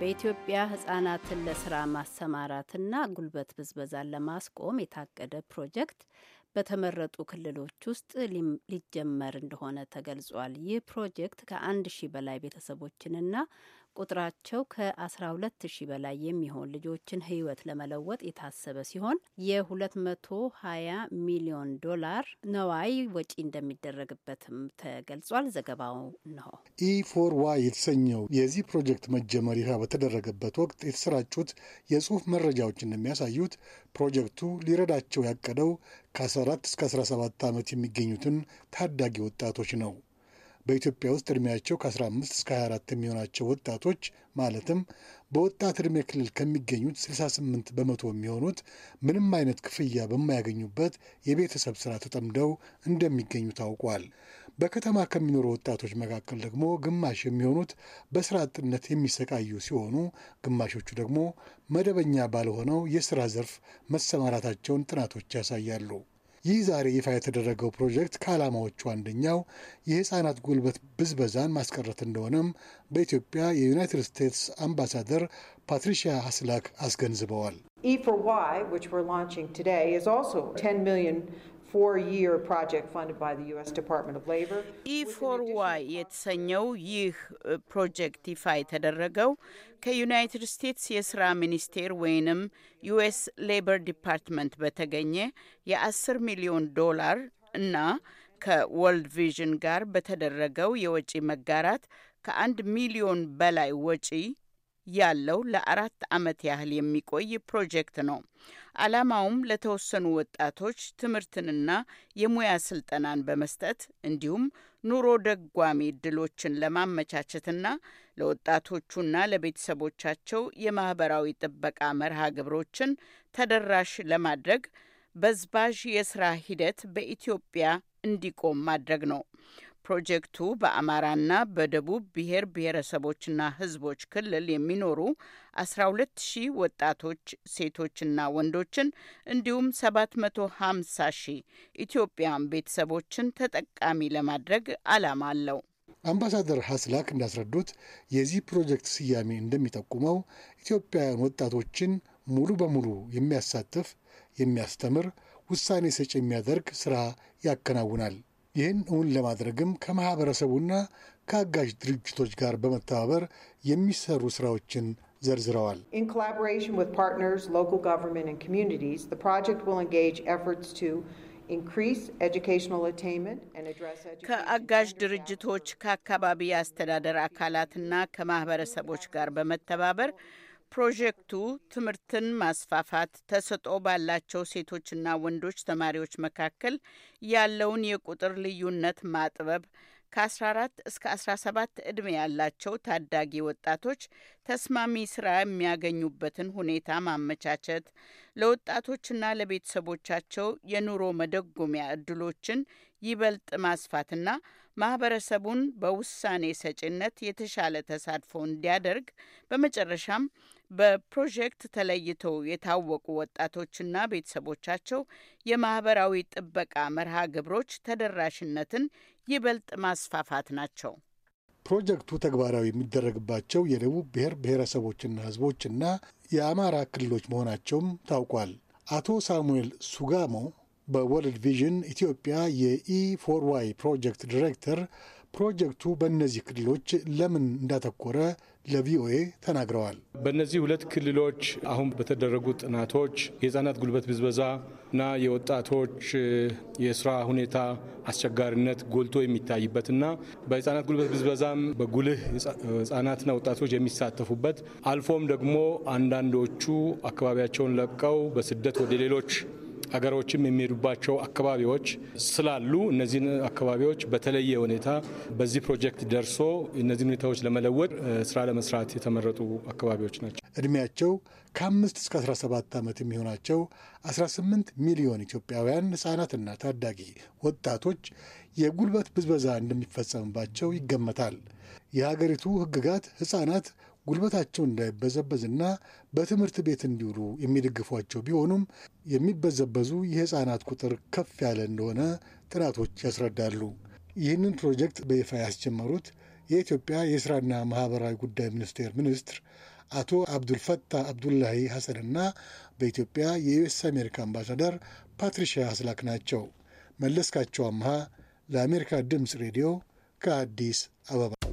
በኢትዮጵያ ህጻናትን ለስራ ማሰማራትና ጉልበት ብዝበዛን ለማስቆም የታቀደ ፕሮጀክት በተመረጡ ክልሎች ውስጥ ሊጀመር እንደሆነ ተገልጿል። ይህ ፕሮጀክት ከአንድ ሺህ በላይ ቤተሰቦችንና ቁጥራቸው ከ12 ሺ በላይ የሚሆን ልጆችን ህይወት ለመለወጥ የታሰበ ሲሆን የ220 ሚሊዮን ዶላር ነዋይ ወጪ እንደሚደረግበትም ተገልጿል። ዘገባው ነው። ኢፎር e ዋይ የተሰኘው የዚህ ፕሮጀክት መጀመር ይፋ በተደረገበት ወቅት የተሰራጩት የጽሁፍ መረጃዎች እንደሚያሳዩት ፕሮጀክቱ ሊረዳቸው ያቀደው ከ14 እስከ 17 ዓመት የሚገኙትን ታዳጊ ወጣቶች ነው። በኢትዮጵያ ውስጥ እድሜያቸው ከ15 እስከ 24 የሚሆናቸው ወጣቶች ማለትም በወጣት እድሜ ክልል ከሚገኙት 68 በመቶ የሚሆኑት ምንም አይነት ክፍያ በማያገኙበት የቤተሰብ ስራ ተጠምደው እንደሚገኙ ታውቋል። በከተማ ከሚኖሩ ወጣቶች መካከል ደግሞ ግማሽ የሚሆኑት በስራ አጥነት የሚሰቃዩ ሲሆኑ፣ ግማሾቹ ደግሞ መደበኛ ባልሆነው የስራ ዘርፍ መሰማራታቸውን ጥናቶች ያሳያሉ። ይህ ዛሬ ይፋ የተደረገው ፕሮጀክት ከዓላማዎቹ አንደኛው የህፃናት ጉልበት ብዝበዛን ማስቀረት እንደሆነም በኢትዮጵያ የዩናይትድ ስቴትስ አምባሳደር ፓትሪሺያ ሀስላክ አስገንዝበዋል። E Y, which we're launching today, is also 10 million E4Y e የተሰኘው ይህ ፕሮጀክት ይፋ የተደረገው ከዩናይትድ ስቴትስ የስራ ሚኒስቴር ወይንም ዩኤስ ሌበር ዲፓርትመንት በተገኘ የ10 ሚሊዮን ዶላር እና ከወርልድ ቪዥን ጋር በተደረገው የወጪ መጋራት ከአንድ ሚሊዮን በላይ ወጪ ያለው ለአራት ዓመት ያህል የሚቆይ ፕሮጀክት ነው። ዓላማውም ለተወሰኑ ወጣቶች ትምህርትንና የሙያ ስልጠናን በመስጠት እንዲሁም ኑሮ ደጓሚ እድሎችን ለማመቻቸትና ለወጣቶቹና ለቤተሰቦቻቸው የማህበራዊ ጥበቃ መርሃ ግብሮችን ተደራሽ ለማድረግ በዝባዥ የስራ ሂደት በኢትዮጵያ እንዲቆም ማድረግ ነው። ፕሮጀክቱ በአማራና በደቡብ ብሔር ብሔረሰቦችና ሕዝቦች ክልል የሚኖሩ 12 ሺህ ወጣቶች ሴቶችና ወንዶችን እንዲሁም 750 ሺህ ኢትዮጵያን ቤተሰቦችን ተጠቃሚ ለማድረግ ዓላማ አለው። አምባሳደር ሀስላክ እንዳስረዱት የዚህ ፕሮጀክት ስያሜ እንደሚጠቁመው ኢትዮጵያውያን ወጣቶችን ሙሉ በሙሉ የሚያሳትፍ የሚያስተምር፣ ውሳኔ ሰጪ የሚያደርግ ስራ ያከናውናል። ይህን እውን ለማድረግም ከማኅበረሰቡና ከአጋዥ ድርጅቶች ጋር በመተባበር የሚሰሩ ስራዎችን ዘርዝረዋል። ከአጋዥ ድርጅቶች ከአካባቢ አስተዳደር አካላትና ከማህበረሰቦች ጋር በመተባበር ፕሮጀክቱ ትምህርትን ማስፋፋት፣ ተሰጥኦ ባላቸው ሴቶችና ወንዶች ተማሪዎች መካከል ያለውን የቁጥር ልዩነት ማጥበብ፣ ከ14 እስከ 17 ዕድሜ ያላቸው ታዳጊ ወጣቶች ተስማሚ ስራ የሚያገኙበትን ሁኔታ ማመቻቸት፣ ለወጣቶችና ለቤተሰቦቻቸው የኑሮ መደጎሚያ እድሎችን ይበልጥ ማስፋትና ማህበረሰቡን በውሳኔ ሰጪነት የተሻለ ተሳትፎ እንዲያደርግ፣ በመጨረሻም በፕሮጀክት ተለይተው የታወቁ ወጣቶችና ቤተሰቦቻቸው የማህበራዊ ጥበቃ መርሃ ግብሮች ተደራሽነትን ይበልጥ ማስፋፋት ናቸው። ፕሮጀክቱ ተግባራዊ የሚደረግባቸው የደቡብ ብሔር ብሔረሰቦችና ህዝቦችና የአማራ ክልሎች መሆናቸውም ታውቋል። አቶ ሳሙኤል ሱጋሞ በወርልድ ቪዥን ኢትዮጵያ የኢ ፎር ዋይ ፕሮጀክት ዲሬክተር ፕሮጀክቱ በእነዚህ ክልሎች ለምን እንዳተኮረ ለቪኦኤ ተናግረዋል። በእነዚህ ሁለት ክልሎች አሁን በተደረጉ ጥናቶች የህጻናት ጉልበት ብዝበዛ እና የወጣቶች የስራ ሁኔታ አስቸጋሪነት ጎልቶ የሚታይበትና በህጻናት ጉልበት ብዝበዛም በጉልህ ህጻናትና ወጣቶች የሚሳተፉበት አልፎም ደግሞ አንዳንዶቹ አካባቢያቸውን ለቀው በስደት ወደ ሌሎች አገሮችም የሚሄዱባቸው አካባቢዎች ስላሉ እነዚህን አካባቢዎች በተለየ ሁኔታ በዚህ ፕሮጀክት ደርሶ እነዚህ ሁኔታዎች ለመለወጥ ስራ ለመስራት የተመረጡ አካባቢዎች ናቸው። እድሜያቸው ከአምስት እስከ 17 ዓመት የሚሆናቸው 18 ሚሊዮን ኢትዮጵያውያን ህጻናትና ታዳጊ ወጣቶች የጉልበት ብዝበዛ እንደሚፈጸምባቸው ይገመታል። የሀገሪቱ ህግጋት ህጻናት ጉልበታቸው እንዳይበዘበዝና በትምህርት ቤት እንዲውሉ የሚደግፏቸው ቢሆኑም የሚበዘበዙ የሕፃናት ቁጥር ከፍ ያለ እንደሆነ ጥናቶች ያስረዳሉ። ይህንን ፕሮጀክት በይፋ ያስጀመሩት የኢትዮጵያ የስራና ማህበራዊ ጉዳይ ሚኒስቴር ሚኒስትር አቶ አብዱልፈታህ አብዱላሂ ሐሰንና በኢትዮጵያ የዩኤስ አሜሪካ አምባሳደር ፓትሪሺያ አስላክ ናቸው። መለስካቸው አምሃ ለአሜሪካ ድምፅ ሬዲዮ ከአዲስ አበባ